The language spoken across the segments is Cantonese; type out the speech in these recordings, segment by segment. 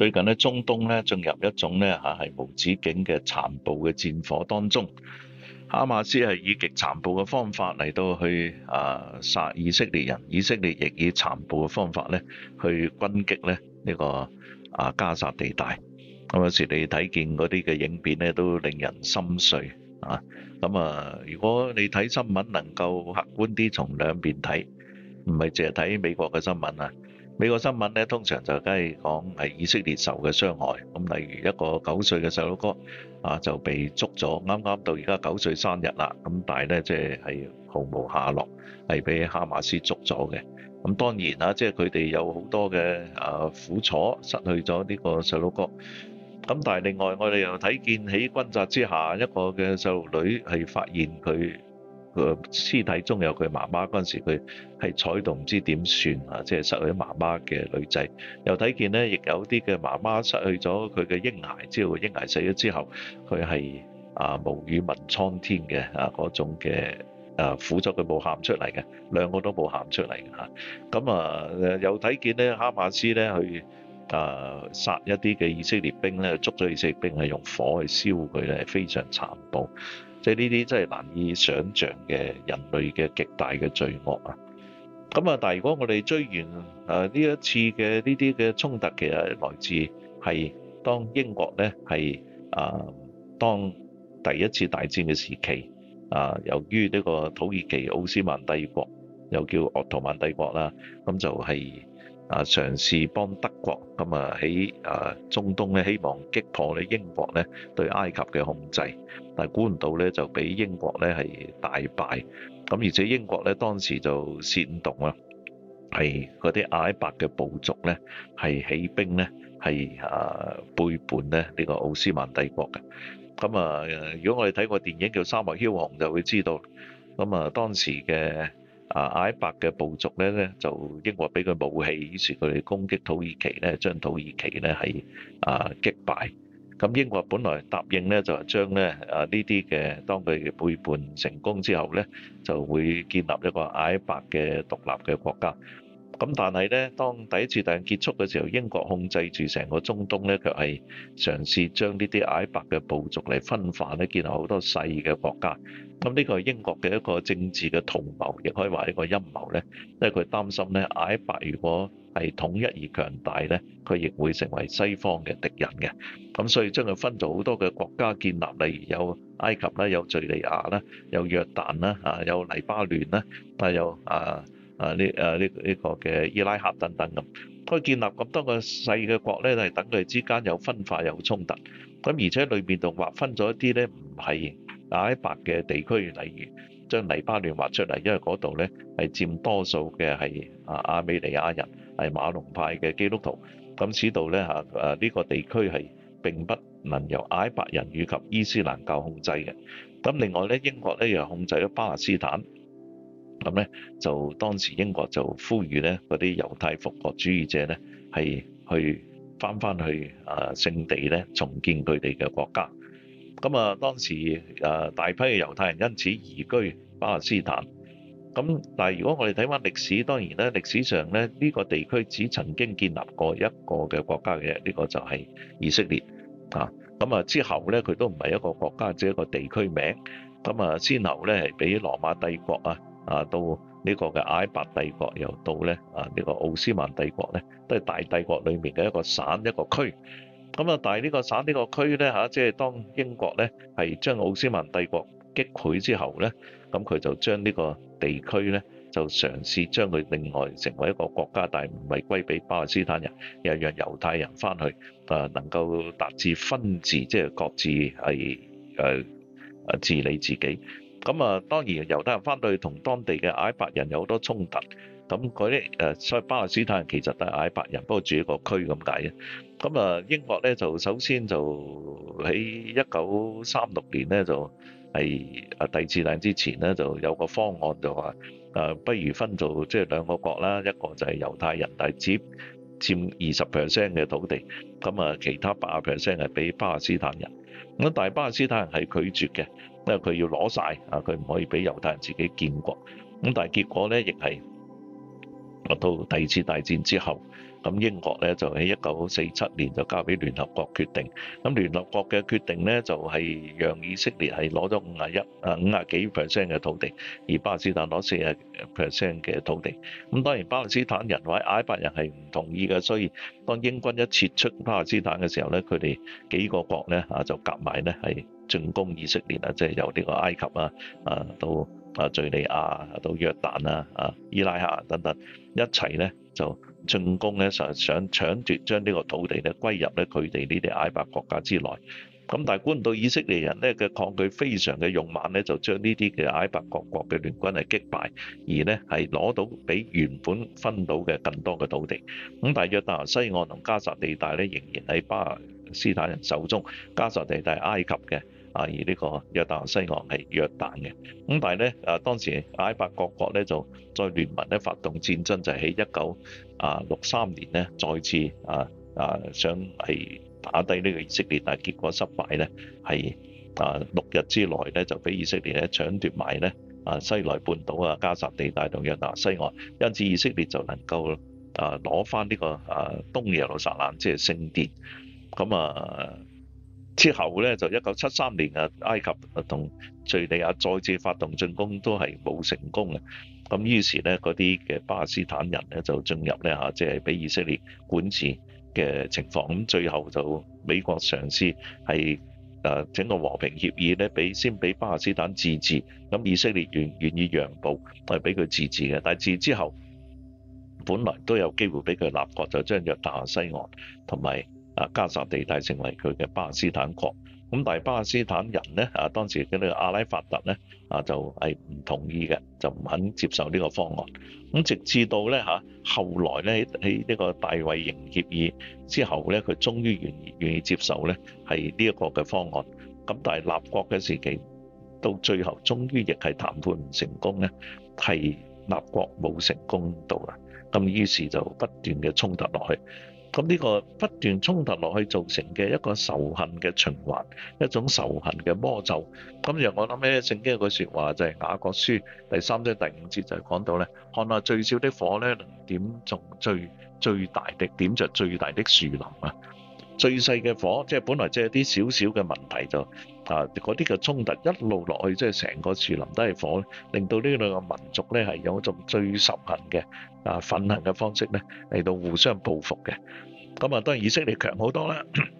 最近咧，中東咧進入一種咧嚇係無止境嘅殘暴嘅戰火當中，哈馬斯係以極殘暴嘅方法嚟到去啊殺以色列人，以色列亦以，以殘暴嘅方法咧去攻擊咧呢個啊加沙地帶。咁有時你睇見嗰啲嘅影片咧，都令人心碎啊！咁啊，如果你睇新聞能夠客觀啲，從兩邊睇，唔係淨係睇美國嘅新聞啊。美國新聞咧，通常就梗係講係以色列受嘅傷害，咁例如一個九歲嘅細路哥啊就被捉咗，啱啱到而家九歲生日啦，咁但係咧即係係毫無下落，係俾哈馬斯捉咗嘅。咁當然啦，即係佢哋有好多嘅啊苦楚，失去咗呢個細路哥。咁但係另外，我哋又睇見喺轟炸之下一個嘅細路女係發現佢。佢屍體中有佢媽媽嗰陣時，佢係坐喺度唔知點算啊！即係失去媽媽嘅女仔，又睇見咧，亦有啲嘅媽媽失去咗佢嘅嬰孩，嬰孩之後，嬰孩死咗之後，佢係啊無語問蒼天嘅啊嗰種嘅啊苦咗佢冇喊出嚟嘅，兩個都冇喊出嚟嘅嚇。咁啊，又睇見咧哈馬斯咧去。誒殺一啲嘅以色列兵咧，捉咗以色列兵係用火去燒佢咧，係非常殘暴，即係呢啲真係難以想像嘅人類嘅極大嘅罪惡啊！咁啊，但係如果我哋追源誒呢一次嘅呢啲嘅衝突，其實來自係當英國咧係啊當第一次大戰嘅時期啊，由於呢個土耳其奧斯曼帝國又叫鄂圖曼帝國啦，咁就係、是。啊！嘗試幫德國咁啊喺啊中東咧，希望擊破咧英國咧對埃及嘅控制，但係估唔到咧就俾英國咧係大敗。咁而且英國咧當時就煽動啊，係嗰啲阿拉伯嘅部族咧係起兵咧係啊背叛咧呢個奧斯曼帝國嘅。咁啊，如果我哋睇過電影叫《沙漠梟雄》，就會知道。咁啊，當時嘅。啊！阿拉伯嘅部族咧，咧就英國俾佢武器，於是佢哋攻擊土耳其咧，將土耳其咧係啊擊敗。咁英國本來答應咧，就係、是、將咧啊呢啲嘅當佢背叛成功之後咧，就會建立一個阿拉伯嘅獨立嘅國家。咁但係咧，當第一次大戰結束嘅時候，英國控制住成個中東咧，佢係嘗試將呢啲矮白嘅部族嚟分化咧，建立好多細嘅國家。咁呢個係英國嘅一個政治嘅圖謀，亦可以話一個陰謀咧，因為佢擔心咧，矮白如果係統一而強大咧，佢亦會成為西方嘅敵人嘅。咁所以將佢分咗好多嘅國家建立，例如有埃及啦，有敍利亞啦，有約旦啦，啊，有黎巴嫩啦，啊，又啊。啊！呢啊呢呢個嘅伊拉克等等咁，佢建立咁多個細嘅國咧，係等佢哋之間有分化、有衝突。咁而且裏邊仲劃分咗一啲咧，唔係阿拉伯嘅地區，例如將黎巴嫩劃出嚟，因為嗰度咧係佔多數嘅係啊阿美尼亞人係馬龍派嘅基督徒。咁使到咧嚇誒呢個地區係並不能由阿拉伯人以及伊斯蘭教控制嘅。咁另外咧，英國咧又控制咗巴勒斯坦。咁咧就當時英國就呼籲咧嗰啲猶太復國主義者咧係去翻翻去啊聖地咧重建佢哋嘅國家。咁啊當時啊大批嘅猶太人因此移居巴勒斯坦。咁但係如果我哋睇翻歷史，當然咧歷史上咧呢個地區只曾經建立過一個嘅國家嘅，呢個就係以色列啊。咁啊之後咧佢都唔係一個國家，只係一個地區名。咁啊先後咧係俾羅馬帝國啊。啊，到呢個嘅阿拉伯帝國，又到咧啊，呢個奧斯曼帝國咧，都係大帝國裏面嘅一個省一個區。咁啊，但係呢個省呢個區咧嚇，即係當英國咧係將奧斯曼帝國擊潰之後咧，咁佢就將呢個地區咧就嘗試將佢另外成為一個國家，但係唔係歸俾巴勒斯坦人，又讓猶太人翻去啊，能夠達至分治，即係各自係誒誒治理自己。咁啊，當然猶太人翻到去，同當地嘅阿拉伯人有好多衝突。咁嗰啲誒，所以巴勒斯坦人其實都係阿拉伯人，不過住一個區咁解啊。咁啊，英國咧就首先就喺一九三六年咧就係啊第二次大戰之前咧就有個方案就話誒，不如分做即係兩個國啦，一個就係猶太人嚟接。佔二十 percent 嘅土地，咁啊其他八十 percent 係俾巴勒斯坦人，咁但係巴勒斯坦人係拒絕嘅，因為佢要攞晒，啊，佢唔可以俾猶太人自己建國，咁但係結果咧亦係落到第二次大戰之後。咁英國咧就喺一九四七年就交俾聯合國決定，咁聯合國嘅決定咧就係、是、讓以色列係攞咗五十一啊五十幾 percent 嘅土地，而巴勒斯坦攞四十 percent 嘅土地。咁當然巴勒斯坦人或者阿拉伯人係唔同意嘅，所以當英軍一撤出巴勒斯坦嘅時候咧，佢哋幾個國咧啊就夾埋咧係進攻以色列啊，即、就、係、是、由呢個埃及啊啊到啊敍利亞到約旦啊啊伊拉克等等一齊咧。就進攻咧，實想搶奪將呢個土地咧，歸入咧佢哋呢啲埃伯國家之內。咁但係估唔到以色列人咧嘅抗拒非常嘅勇猛咧，就將呢啲嘅埃伯各國國嘅聯軍係擊敗，而咧係攞到比原本分到嘅更多嘅土地。咁約旦河西岸同加薩地帶咧，仍然喺巴勒斯坦人手中。加薩地帶埃及嘅。啊！而呢個約旦西岸係約旦嘅，咁但係咧，啊當時阿拉伯各國咧就再聯盟咧發動戰爭，就喺一九啊六三年咧再次啊啊想係打低呢個以色列，但係結果失敗咧，係啊六日之內咧就俾以色列咧搶奪埋咧啊西奈半島啊加薩地帶同約旦西岸，因此以色列就能夠啊攞翻呢個啊東耶路撒冷即係聖殿咁啊～之後咧就一九七三年啊，埃及同敍利亞再次發動進攻都係冇成功嘅。咁於是咧嗰啲嘅巴勒斯坦人咧就進入咧嚇，即係俾以色列管治嘅情況。咁最後就美國嘗試係誒、呃、整個和平協議咧，俾先俾巴勒斯坦自治。咁以色列願願意讓步都係俾佢自治嘅。但係自之後，本來都有機會俾佢立國，就將約旦西岸同埋。啊，加沙地帶成為佢嘅巴勒斯坦國，咁但係巴勒斯坦人咧啊，當時嗰啲阿拉法特咧啊，就係、是、唔同意嘅，就唔肯接受呢個方案。咁直至到咧嚇，後來咧喺呢個大衞營協議之後咧，佢終於願意願意接受呢係呢一個嘅方案。咁但係立國嘅時期，到最後終於亦係談判唔成功呢係立國冇成功到啦。咁於是就不斷嘅衝突落去。咁呢個不斷衝突落去造成嘅一個仇恨嘅循環，一種仇恨嘅魔咒。咁讓我諗起聖經有句説話就係、是、雅各書第三章第五節就係講到咧，看下最小的火咧，能點中最最大的，點着最大的樹林啊！最細嘅火，即係本來即係啲少少嘅問題就啊，嗰啲嘅衝突一路落去，即係成個樹林都係火，令到呢兩個民族咧係有一種最仇恨嘅啊憤恨嘅方式咧嚟到互相報復嘅。咁啊，當然以色列強好多啦。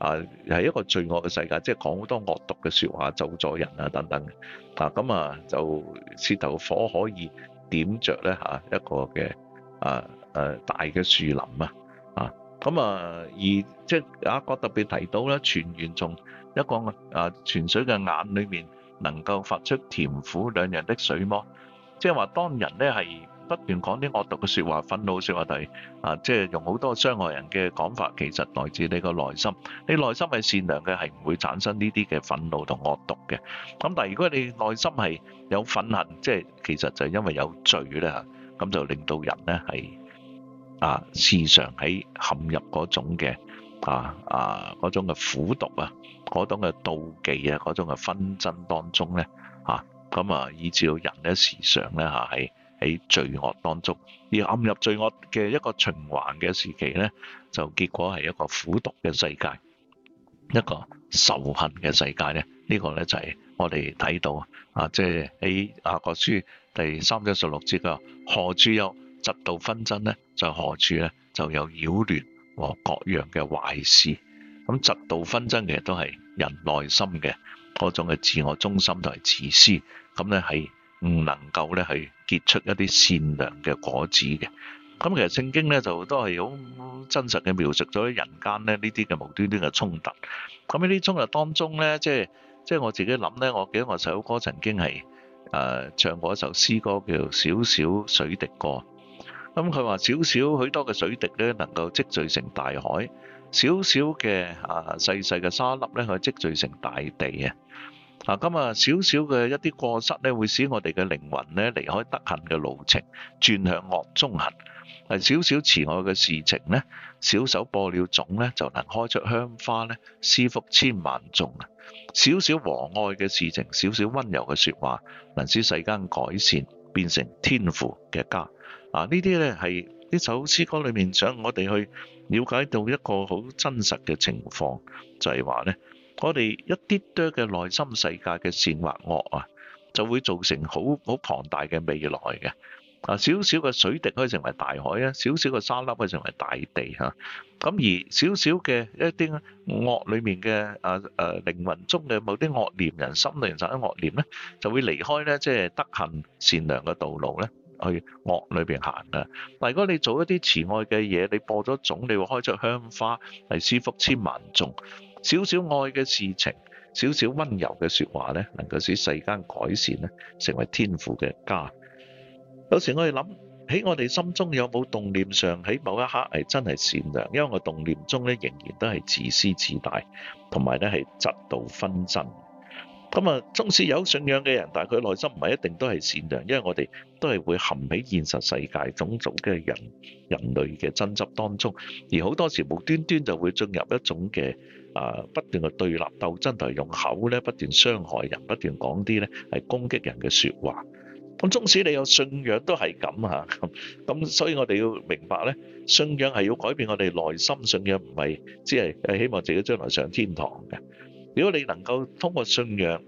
啊，係一個罪惡嘅世界，即係講好多惡毒嘅説話，咒咗人啊等等啊，咁啊就舌頭火可以點着咧，嚇一個嘅啊誒、呃、大嘅樹林啊啊咁啊而即阿國特別提到咧，泉源從一個啊泉水嘅眼裏面能夠發出甜苦兩樣的水麼？即係話當人咧係。不斷講啲惡毒嘅説話、憤怒説話題，啊，即係用好多傷害人嘅講法，其實來自你個內心。你內心係善良嘅，係唔會產生呢啲嘅憤怒同惡毒嘅。咁但係如果你內心係有憤恨，即係其實就係因為有罪啦，咁就令到人咧係啊，時常喺陷入嗰種嘅啊啊嗰種嘅苦毒啊，嗰種嘅妒忌啊，嗰種嘅紛爭當中咧嚇，咁啊，啊以致到人咧時常咧嚇係。喺罪惡當中而陷入罪惡嘅一個循環嘅時期呢，就結果係一個苦毒嘅世界，一個仇恨嘅世界咧。呢、這個呢，就係我哋睇到啊，即係喺雅各書第三章十六節嘅何處有嫉妒紛爭呢，就何處呢就有擾亂和各樣嘅壞事。咁嫉妒紛爭其實都係人內心嘅嗰種嘅自我中心同埋自私，咁呢係唔能夠呢去。結出一啲善良嘅果子嘅，咁其實聖經咧就都係好真實嘅描述咗人間咧呢啲嘅無端端嘅衝突，咁喺呢啲衝突當中咧，即係即係我自己諗咧，我記得我細佬哥曾經係誒唱過一首詩歌叫《小小水滴歌》，咁佢話小小許多嘅水滴咧能夠積聚成大海，小小嘅啊細細嘅沙粒咧可以積聚成大地啊。嗱，今日少少嘅一啲過失咧，會使我哋嘅靈魂咧離開德行嘅路程，轉向惡中行。係少少慈愛嘅事情咧，小手播了種咧，就能開出香花咧，施福千萬眾。少少和愛嘅事情，少少溫柔嘅説話，能使世間改善，變成天父嘅家。嗱、啊，呢啲咧係呢首詩歌裏面想我哋去了解到一個好真實嘅情況，就係話咧。我哋一啲多嘅內心世界嘅善或惡啊，就會造成好好龐大嘅未來嘅。啊，少少嘅水滴可以成為大海啊，少少嘅沙粒可以成為大地嚇。咁而少少嘅一啲惡裏面嘅啊啊靈魂中嘅某啲惡念，人心裏面生啲惡念咧，就會離開咧，即係德行善良嘅道路咧，去惡裏邊行噶。但係如果你做一啲慈愛嘅嘢，你播咗種，你會開出香花嚟施福千萬眾。少少愛嘅事情，少少溫柔嘅説話呢，能夠使世間改善呢，成為天父嘅家。有時我哋諗喺我哋心中有冇動念上，喺某一刻係真係善良，因為我動念中呢仍然都係自私自大，同埋呢係嫉妒紛爭。咁啊，縱使有信仰嘅人，但係佢內心唔係一定都係善良，因為我哋都係會陷喺現實世界種族嘅人人類嘅爭執當中，而好多時無端端就會進入一種嘅。啊！不斷嘅對立鬥爭同用口咧，不斷傷害人，不斷講啲咧係攻擊人嘅説話。咁縱使你有信仰都係咁嚇咁，呵呵，所以我哋要明白咧，信仰係要改變我哋內心。信仰唔係只係希望自己將來上天堂嘅。如果你能夠通過信仰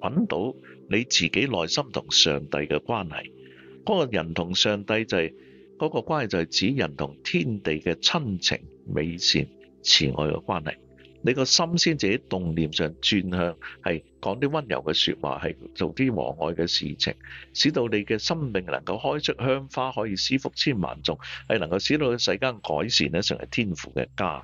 揾到你自己內心同上帝嘅關係，嗰、那個人同上帝就係、是、嗰、那個關係就係指人同天地嘅親情、美善、慈愛嘅關係。你個心先自己動念上轉向，係講啲溫柔嘅説話，係做啲和愛嘅事情，使到你嘅生命能夠開出香花，可以施福千萬眾，係能夠使到世間改善呢，成為天父嘅家。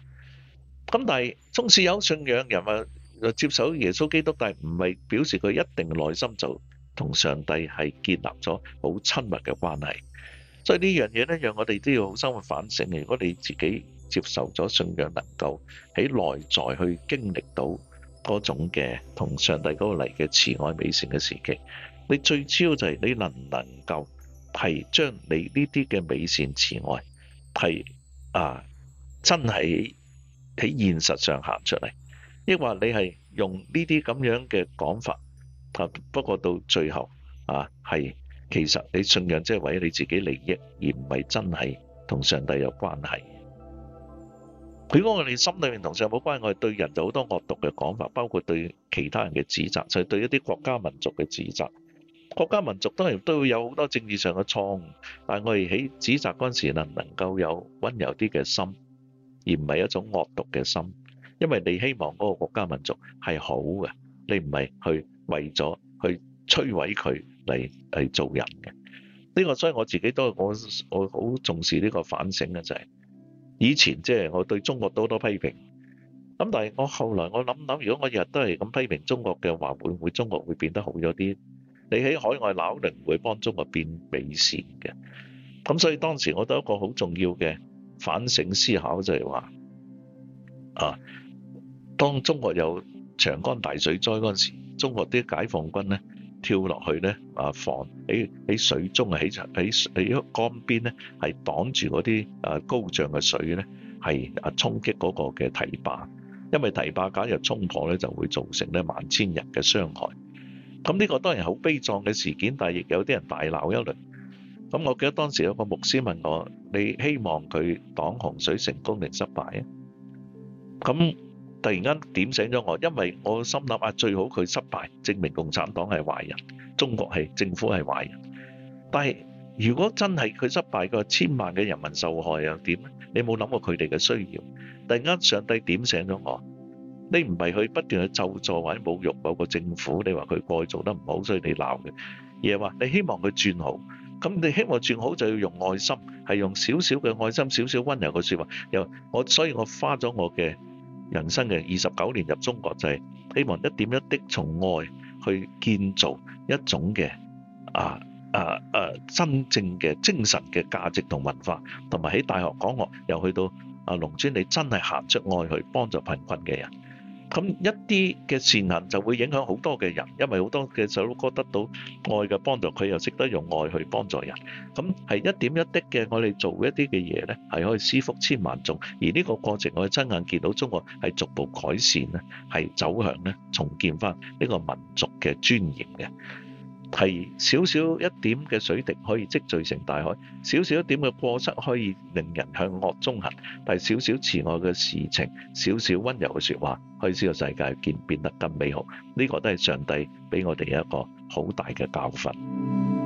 咁但係，縱使有信仰人啊，接受耶穌基督，但係唔係表示佢一定內心就同上帝係建立咗好親密嘅關係。所以呢樣嘢咧，讓我哋都要好深入反省。如果你自己，接受咗信仰，能夠喺內在去經歷到嗰種嘅同上帝嗰個嚟嘅慈愛美善嘅時期，你最主要就係你能唔能夠係將你呢啲嘅美善慈愛係啊真係喺現實上行出嚟，抑或你係用呢啲咁樣嘅講法啊？不過到最後啊，係其實你信仰即係為咗你自己利益，而唔係真係同上帝有關係。佢講我哋心裏面同上冇關係，我哋對人有好多惡毒嘅講法，包括對其他人嘅指責，就係對一啲國家民族嘅指責。國家民族當然都會有好多政治上嘅錯誤，但係我哋喺指責嗰陣時能唔能夠有温柔啲嘅心，而唔係一種惡毒嘅心，因為你希望嗰個國家民族係好嘅，你唔係去為咗去摧毀佢嚟嚟做人嘅。呢個所以我自己都我我好重視呢個反省嘅就係。以前即係我對中國多多批評，咁但係我後來我諗諗，如果我日日都係咁批評中國嘅話，會唔會中國會變得好咗啲？你喺海外鬧定唔會幫中國變美善嘅。咁所以當時我都有一個好重要嘅反省思考，就係、是、話啊，當中國有長江大水災嗰陣時，中國啲解放軍咧。跳落去咧，啊防喺喺水中啊，喺喺喺江邊咧，係擋住嗰啲啊高漲嘅水咧，係啊衝擊嗰個嘅堤壩，因為堤壩假如衝破咧，就會造成咧萬千人嘅傷害。咁呢個當然好悲壯嘅事件，但係亦有啲人大鬧一輪。咁我記得當時有個牧師問我：你希望佢擋洪水成功定失敗啊？咁突然間點醒咗我，因為我心諗啊，最好佢失敗，證明共產黨係壞人，中國係政府係壞人。但係如果真係佢失敗，個千萬嘅人民受害又點咧？你冇諗過佢哋嘅需要？突然間上帝點醒咗我，你唔係去不斷去咒詛或者侮辱某個政府，你話佢過去做得唔好，所以你鬧佢，而係話你希望佢轉好。咁你希望轉好就要用愛心，係用少少嘅愛心、少少温柔嘅説話。又我所以，我花咗我嘅人生嘅二十九年入中國，就係希望一點一滴從愛去建造一種嘅啊啊啊真正嘅精神嘅價值同文化，同埋喺大學講學，又去到啊農村，你真係行出愛去幫助貧困嘅人。咁一啲嘅善行就會影響好多嘅人，因為好多嘅細路哥得到愛嘅幫助，佢又識得用愛去幫助人。咁係一點一滴嘅，我哋做一啲嘅嘢咧，係可以施福千萬眾。而呢個過程，我哋親眼見到中國係逐步改善咧，係走向咧重建翻呢個民族嘅尊嚴嘅。係少少一點嘅水滴可以積聚成大海，少少一點嘅過失可以令人向惡中行，但少少慈愛嘅事情，少少温柔嘅說話，可以使個世界變變得更美好。呢、呢個都係上帝俾我哋一個好大嘅教訓。